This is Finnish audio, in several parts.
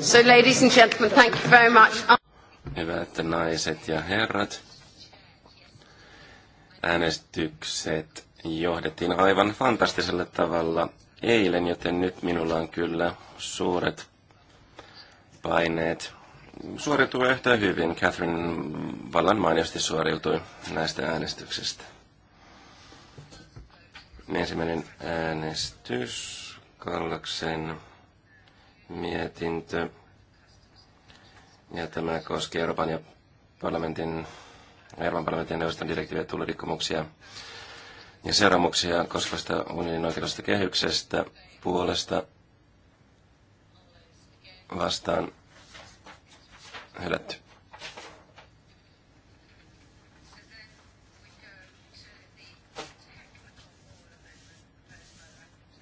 So ladies and gentlemen, thank you very much. Hyvät naiset ja herrat, äänestykset johdettiin aivan fantastisella tavalla eilen, joten nyt minulla on kyllä suuret paineet. Suoriutui yhtä hyvin. Catherine vallan mainiosti suoriutui näistä äänestyksistä. Ensimmäinen äänestys Kallaksen mietintö. Ja tämä koskee Euroopan ja parlamentin, Euroopan parlamentin ja neuvoston direktiiviä tullirikkomuksia ja seuraamuksia koskevasta unionin oikeudellisesta kehyksestä puolesta vastaan hylätty.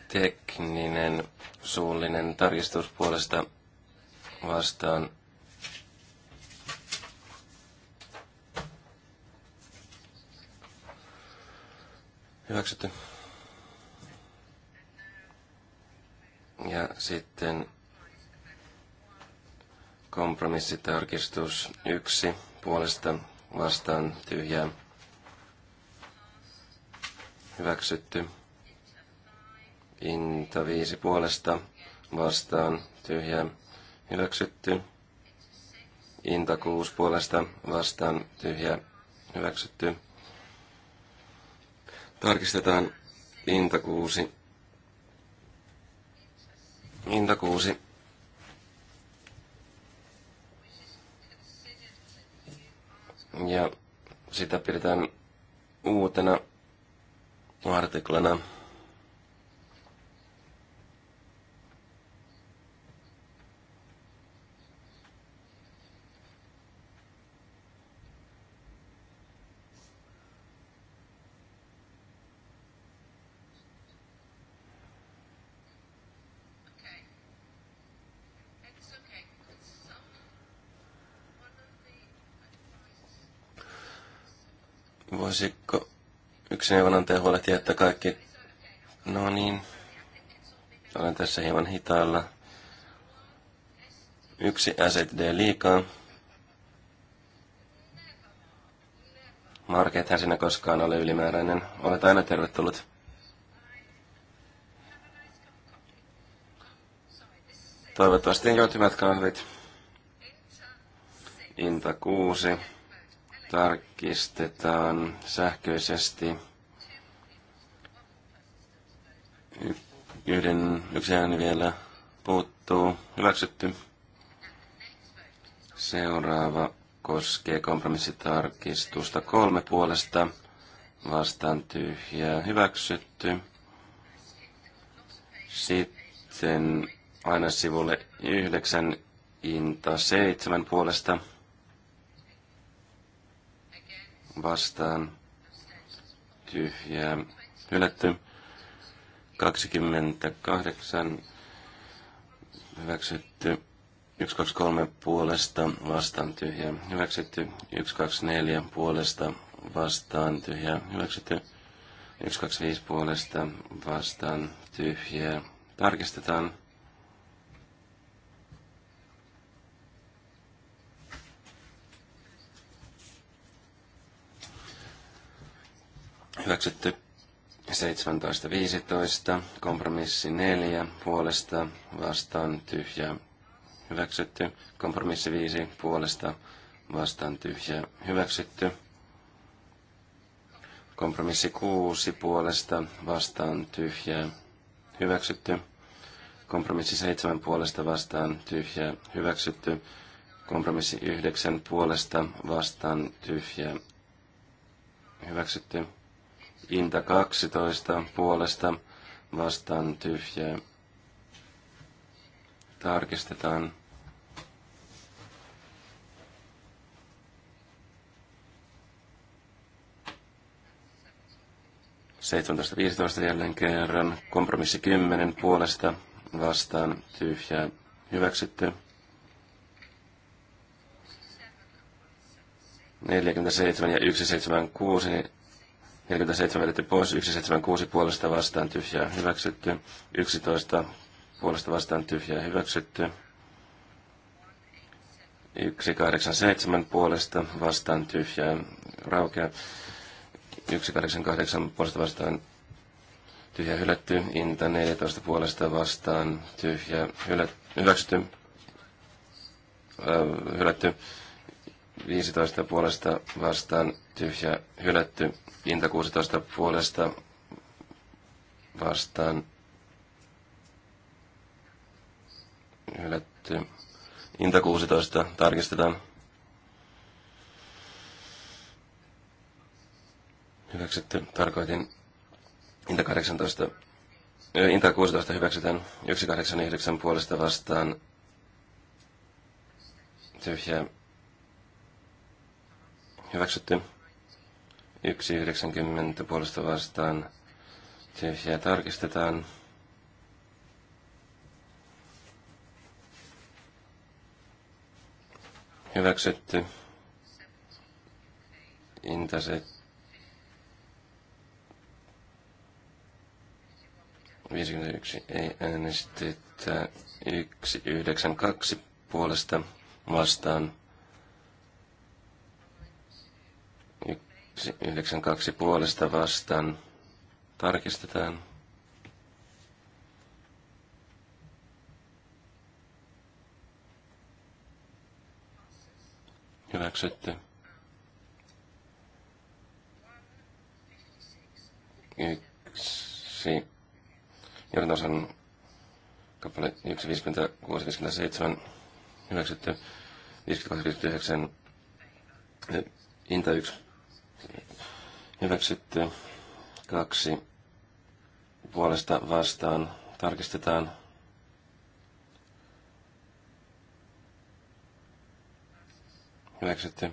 Tekninen Suullinen tarkistus puolesta vastaan Hyväksytty. Ja sitten kompromissitarkistus yksi puolesta vastaan tyhjää. Hyväksytty. Inta viisi puolesta vastaan tyhjä hyväksytty. Inta kuusi puolesta vastaan tyhjä hyväksytty. Tarkistetaan Inta kuusi Inta kuusi Ja sitä pidetään uutena artiklana Yksi neuvonantaja huolehtii, että kaikki... No niin. Olen tässä hieman hitaalla. Yksi SSD liikaa. Mark, hän sinä koskaan ole ylimääräinen. Olet aina tervetullut. Toivottavasti joutumat kahvit. Inta 6. Tarkistetaan sähköisesti. Yhden, yksi ääni vielä puuttuu. Hyväksytty. Seuraava koskee kompromissitarkistusta kolme puolesta. Vastaan tyhjää. Hyväksytty. Sitten aina sivulle yhdeksän inta seitsemän puolesta. Vastaan tyhjää. Hylätty. 28 hyväksytty. 123 puolesta vastaan tyhjä. Hyväksytty 124 puolesta vastaan tyhjä. Hyväksytty 125 puolesta vastaan tyhjä. Tarkistetaan. Hyväksytty 17.15, kompromissi 4, puolesta vastaan tyhjää hyväksytty. Kompromissi 5, puolesta vastaan tyhjää hyväksytty. Kompromissi 6, puolesta vastaan tyhjää hyväksytty. Kompromissi 7, puolesta vastaan tyhjää hyväksytty. Kompromissi 9, puolesta vastaan tyhjää hyväksytty. Inta 12 puolesta vastaan tyhjää. Tarkistetaan. Seitsemäntoista viisitoista jälleen kerran. Kompromissi kymmenen puolesta vastaan tyhjää. Hyväksytty. 47 ja 176 47 vedetty pois, 176 puolesta vastaan tyhjää hyväksytty, 11 puolesta vastaan tyhjää hyväksytty, 187 puolesta vastaan tyhjää raukea, 188 puolesta vastaan tyhjä hylätty, Inta 14 puolesta vastaan tyhjä hylä, hyväksytty, hylätty, äh, 15 puolesta vastaan tyhjä hylätty. Inta 16 puolesta vastaan hylätty. Inta 16 tarkistetaan. Hyväksytty. Tarkoitin Inta 18. Inta 16 hyväksytään 189 puolesta vastaan tyhjä hyväksytty. 1,90 puolesta vastaan tyhjää tarkistetaan. Hyväksytty. Intaset 51 ei äänestetä 192 puolesta vastaan 92 puolesta vastaan. Tarkistetaan. Hyväksytty. 1. Jordan kappale 1.56.57 hyväksytty. 58.59 Inta 1 Hyväksytty. Kaksi. Puolesta vastaan. Tarkistetaan. Hyväksytty.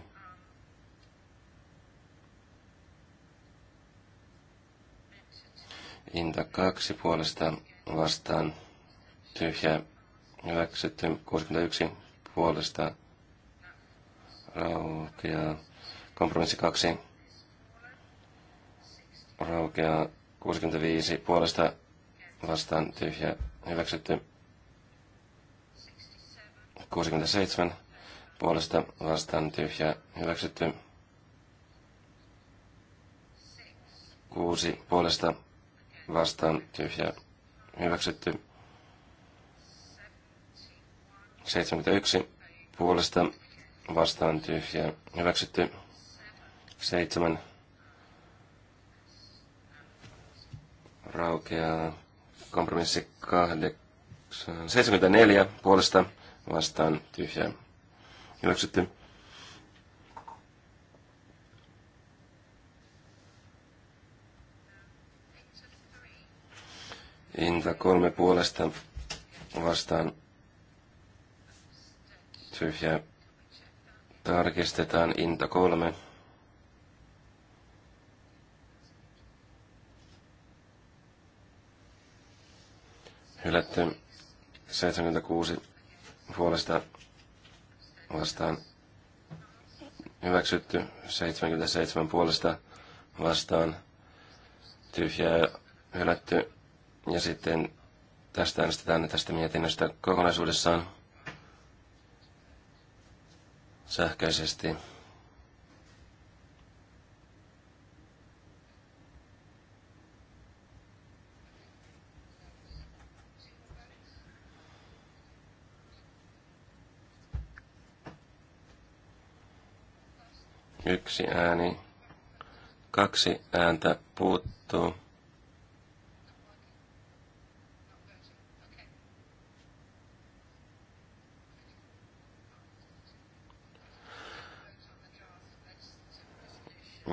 Inta kaksi puolesta vastaan. Tyhjä. Hyväksytty. 61 puolesta. Raukeaa. Kompromissi kaksi raukeaa 65 puolesta vastaan tyhjä hyväksytty. 67 puolesta vastaan tyhjä hyväksytty. 6 puolesta vastaan tyhjä hyväksytty. 71 puolesta vastaan tyhjä hyväksytty. 7 raukeaa kompromissi 74 puolesta vastaan tyhjää hyväksytty. Inta kolme puolesta vastaan tyhjää tarkistetaan Inta kolme. sitten 76 puolesta vastaan hyväksytty. 77 puolesta vastaan tyhjää hylätty. Ja sitten tästä äänestetään tästä mietinnöstä kokonaisuudessaan sähköisesti. Yksi ääni. Kaksi ääntä puuttuu.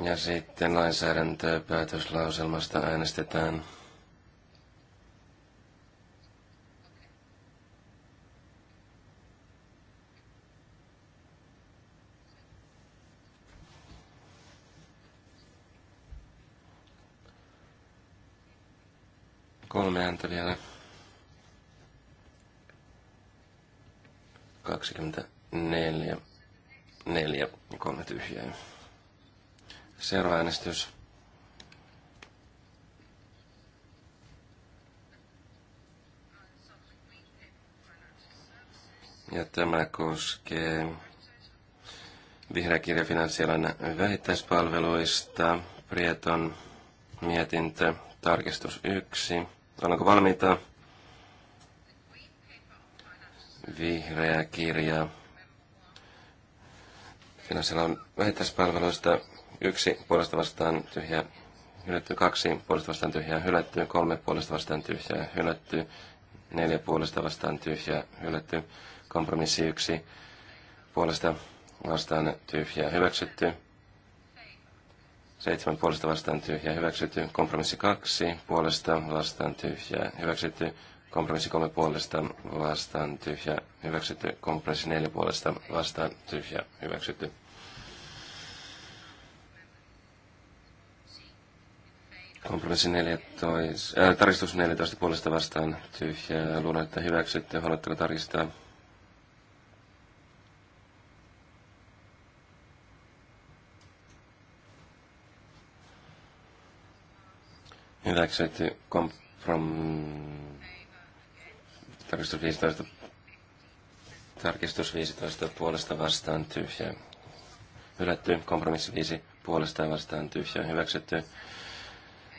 Ja sitten lainsäädäntöpäätöslauselmasta äänestetään. äänestys. Ja tämä koskee vihreä kirja finanssialan vähittäispalveluista, Prieton mietintö, tarkistus 1. Ollaanko valmiita? Vihreä kirja finanssialan vähittäispalveluista, Yksi puolesta vastaan tyhjä hylätty, kaksi puolesta vastaan tyhjää hylätty, kolme puolesta vastaan tyhjää hylätty, neljä puolesta vastaan tyhjää hylätty, kompromissi yksi puolesta vastaan tyhjää hyväksytty, seitsemän puolesta vastaan tyhjää hyväksytty, kompromissi kaksi puolesta vastaan tyhjää hyväksytty, kompromissi kolme puolesta vastaan tyhjä hyväksytty, kompromissi neljä puolesta vastaan tyhjä hyväksytty. Kompromissi 14, äh, tarkistus 14 puolesta vastaan tyhjää. Luulen, että hyväksytte. Haluatteko tarkistaa? Hyväksytty komprom... Tarkistus 15. Tarkistus 15 puolesta vastaan tyhjää. Hylätty kompromissi 5 puolesta vastaan tyhjää. Hyväksytty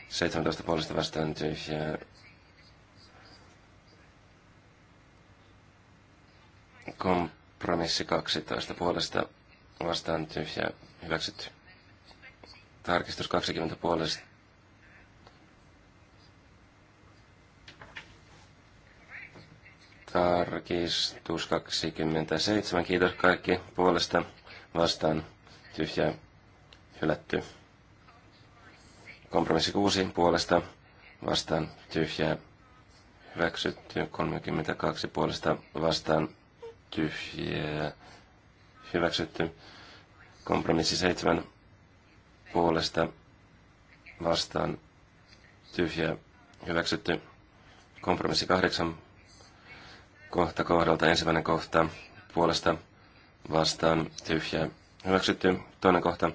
17 puolesta vastaan tyhjää. Kompromissi 12 puolesta vastaan tyhjää. Hyväksytty. Tarkistus 20 puolesta. Tarkistus 27. Kiitos kaikki puolesta vastaan tyhjää hylätty. Kompromissi 6 puolesta vastaan tyhjää hyväksytty. 32 puolesta vastaan tyhjää hyväksytty. Kompromissi 7 puolesta vastaan tyhjää hyväksytty. Kompromissi 8 kohta kohdalta ensimmäinen kohta puolesta vastaan tyhjää hyväksytty. Toinen kohta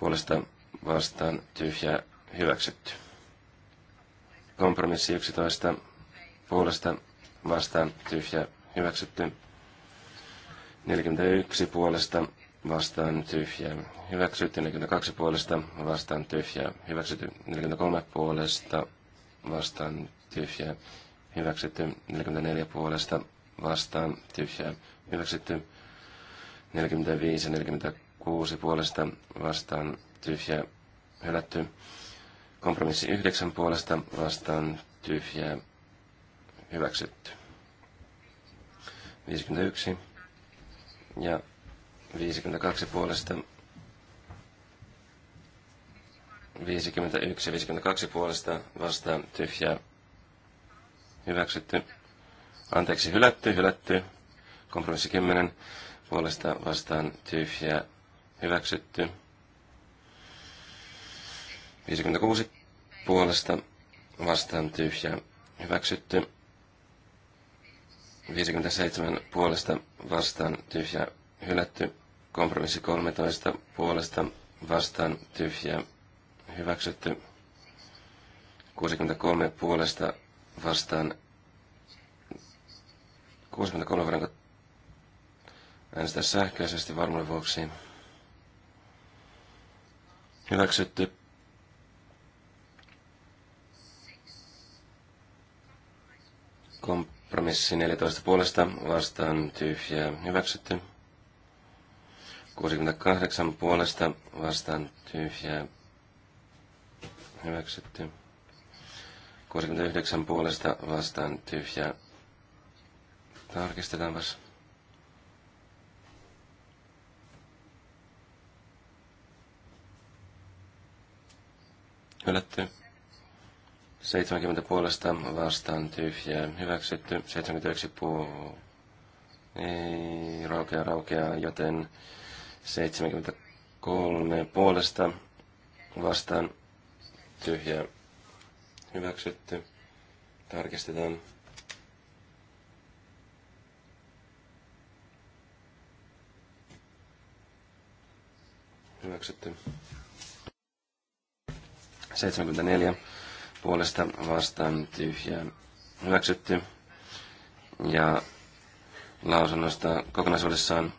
puolesta vastaan tyhjä hyväksytty. Kompromissi 11 puolesta vastaan tyhjä hyväksytty. 41 puolesta vastaan tyhjä hyväksytty. 42 puolesta vastaan tyhjä hyväksytty. 43 puolesta vastaan tyhjä hyväksytty. 44 puolesta vastaan tyhjä hyväksytty. 45 ja 46 puolesta vastaan tyhjä hylätty. Kompromissi yhdeksän puolesta vastaan tyhjä hyväksytty. 51 ja 52 puolesta 51 ja 52 puolesta vastaan tyhjä hyväksytty. Anteeksi, hylätty, hylätty. Kompromissi 10 puolesta vastaan tyhjä hyväksytty. 56 puolesta vastaan tyhjä hyväksytty. 57 puolesta vastaan tyhjä hylätty. Kompromissi 13 puolesta vastaan tyhjä hyväksytty. 63 puolesta vastaan 63 voidaanko äänestää sähköisesti varmuuden vuoksi. Hyväksytty Kompromissi 14 puolesta vastaan tyhjää hyväksytty. 68 puolesta vastaan tyhjää hyväksytty. 69 puolesta vastaan tyhjää. vasta Hylätty. 70 puolesta vastaan tyhjää hyväksytty. 71 puu ei raukea raukea, joten 73 puolesta vastaan tyhjää hyväksytty. Tarkistetaan. Hyväksytty. 74 puolesta vastaan tyhjään hyväksytty. Ja lausunnosta kokonaisuudessaan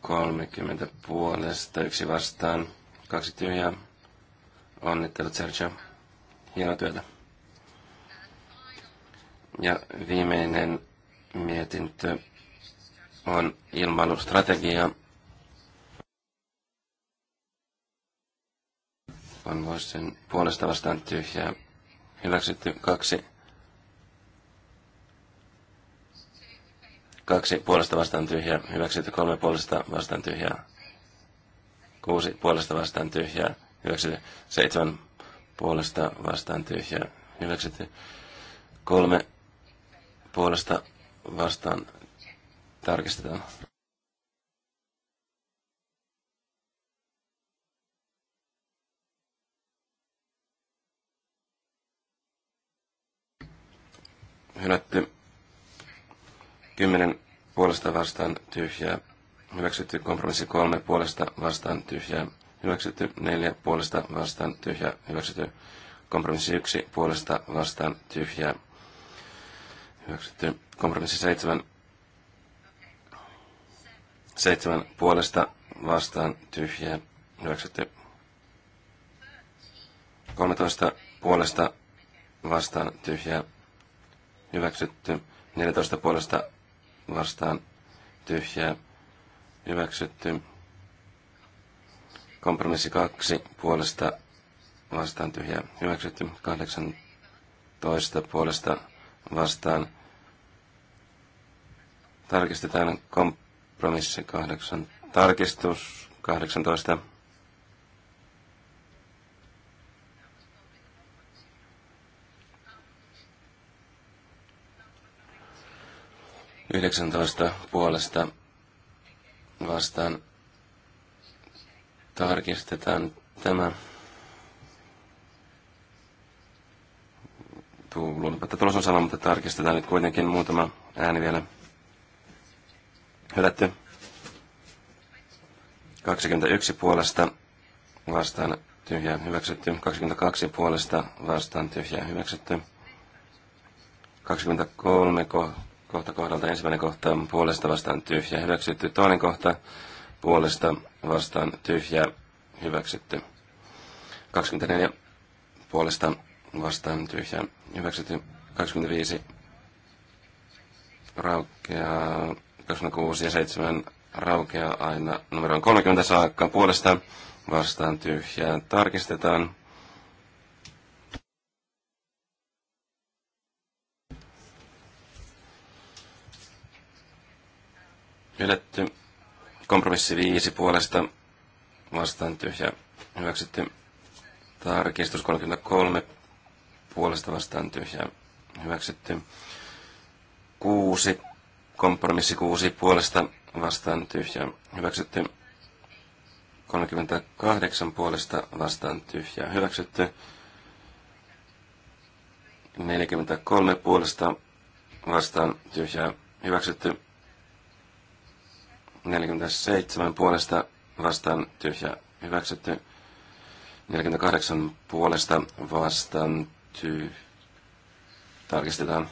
kolmekymmentä puolesta, yksi vastaan, kaksi tyhjää. Onnittelut Sergio. Hienoa työtä. Ja viimeinen mietintö on ilmailustrategia. On sen puolesta vastaan tyhjää. Hyväksytty kaksi. Kaksi puolesta vastaan tyhjää. Hyväksytty kolme puolesta vastaan tyhjää. Kuusi puolesta vastaan tyhjää. Hyväksytty seitsemän puolesta vastaan tyhjää. Hyväksytty kolme puolesta vastaan tarkistetaan. Hylätty. kymmenen puolesta vastaan tyhjää. Hyväksytty kompromissi kolme puolesta vastaan tyhjää. Hyväksytty neljä puolesta vastaan tyhjää. Hyväksytty kompromissi yksi puolesta vastaan tyhjää. Hyväksytty kompromissi seitsemän Seitsemän puolesta vastaan tyhjää hyväksytty. 13 puolesta vastaan tyhjää hyväksytty. 14 puolesta vastaan tyhjää hyväksytty. Kompromissi 2 puolesta vastaan tyhjää hyväksytty. 18 puolesta vastaan tarkistetaan kompromissi Kompromissi 8. Tarkistus 18. Yhdeksäntoista puolesta vastaan tarkistetaan tämä. Luulenpa, että tulos on sama, mutta tarkistetaan nyt kuitenkin muutama ääni vielä. Hylätty. 21 puolesta vastaan tyhjää hyväksytty. 22 puolesta vastaan tyhjää hyväksytty. 23 ko- kohta kohdalta ensimmäinen kohta puolesta vastaan tyhjä hyväksytty. Toinen kohta puolesta vastaan tyhjä hyväksytty. 24 puolesta vastaan tyhjä hyväksytty. 25 raukeaa 26 ja 7 raukeaa aina numeroon 30 saakka puolesta vastaan tyhjää. Tarkistetaan. Hylätty. Kompromissi 5 puolesta vastaan tyhjä. Hyväksytty. Tarkistus 33 puolesta vastaan tyhjä. Hyväksytty. 6 Kompromissi 6 puolesta vastaan tyhjää hyväksytty. 38 puolesta vastaan tyhjää hyväksytty. 43 puolesta vastaan tyhjää hyväksytty. 47 puolesta vastaan tyhjää hyväksytty. 48 puolesta vastaan tyhjää. Tarkistetaan.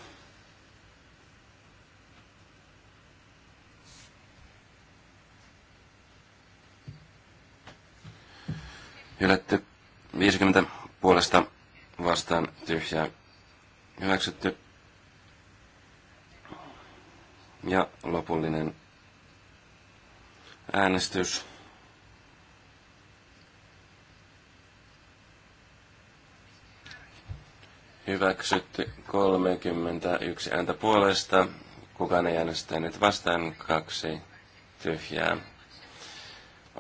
hylätty. 50 puolesta vastaan tyhjää hyväksytty. Ja lopullinen äänestys. Hyväksytty 31 ääntä puolesta. Kukaan ei äänestänyt vastaan. Kaksi tyhjää.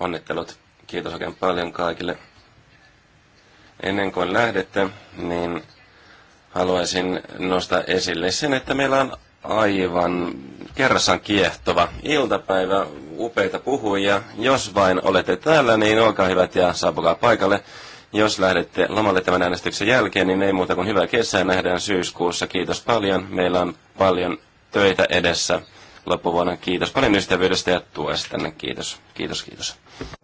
Onnittelut. Kiitos oikein paljon kaikille. Ennen kuin lähdette, niin haluaisin nostaa esille sen, että meillä on aivan kerrassaan kiehtova iltapäivä, upeita puhujia. Jos vain olette täällä, niin olkaa hyvät ja saapukaa paikalle. Jos lähdette lomalle tämän äänestyksen jälkeen, niin ei muuta kuin hyvää kesää. Nähdään syyskuussa. Kiitos paljon. Meillä on paljon töitä edessä loppuvuonna. Kiitos paljon ystävyydestä ja tänne. Kiitos, kiitos, kiitos.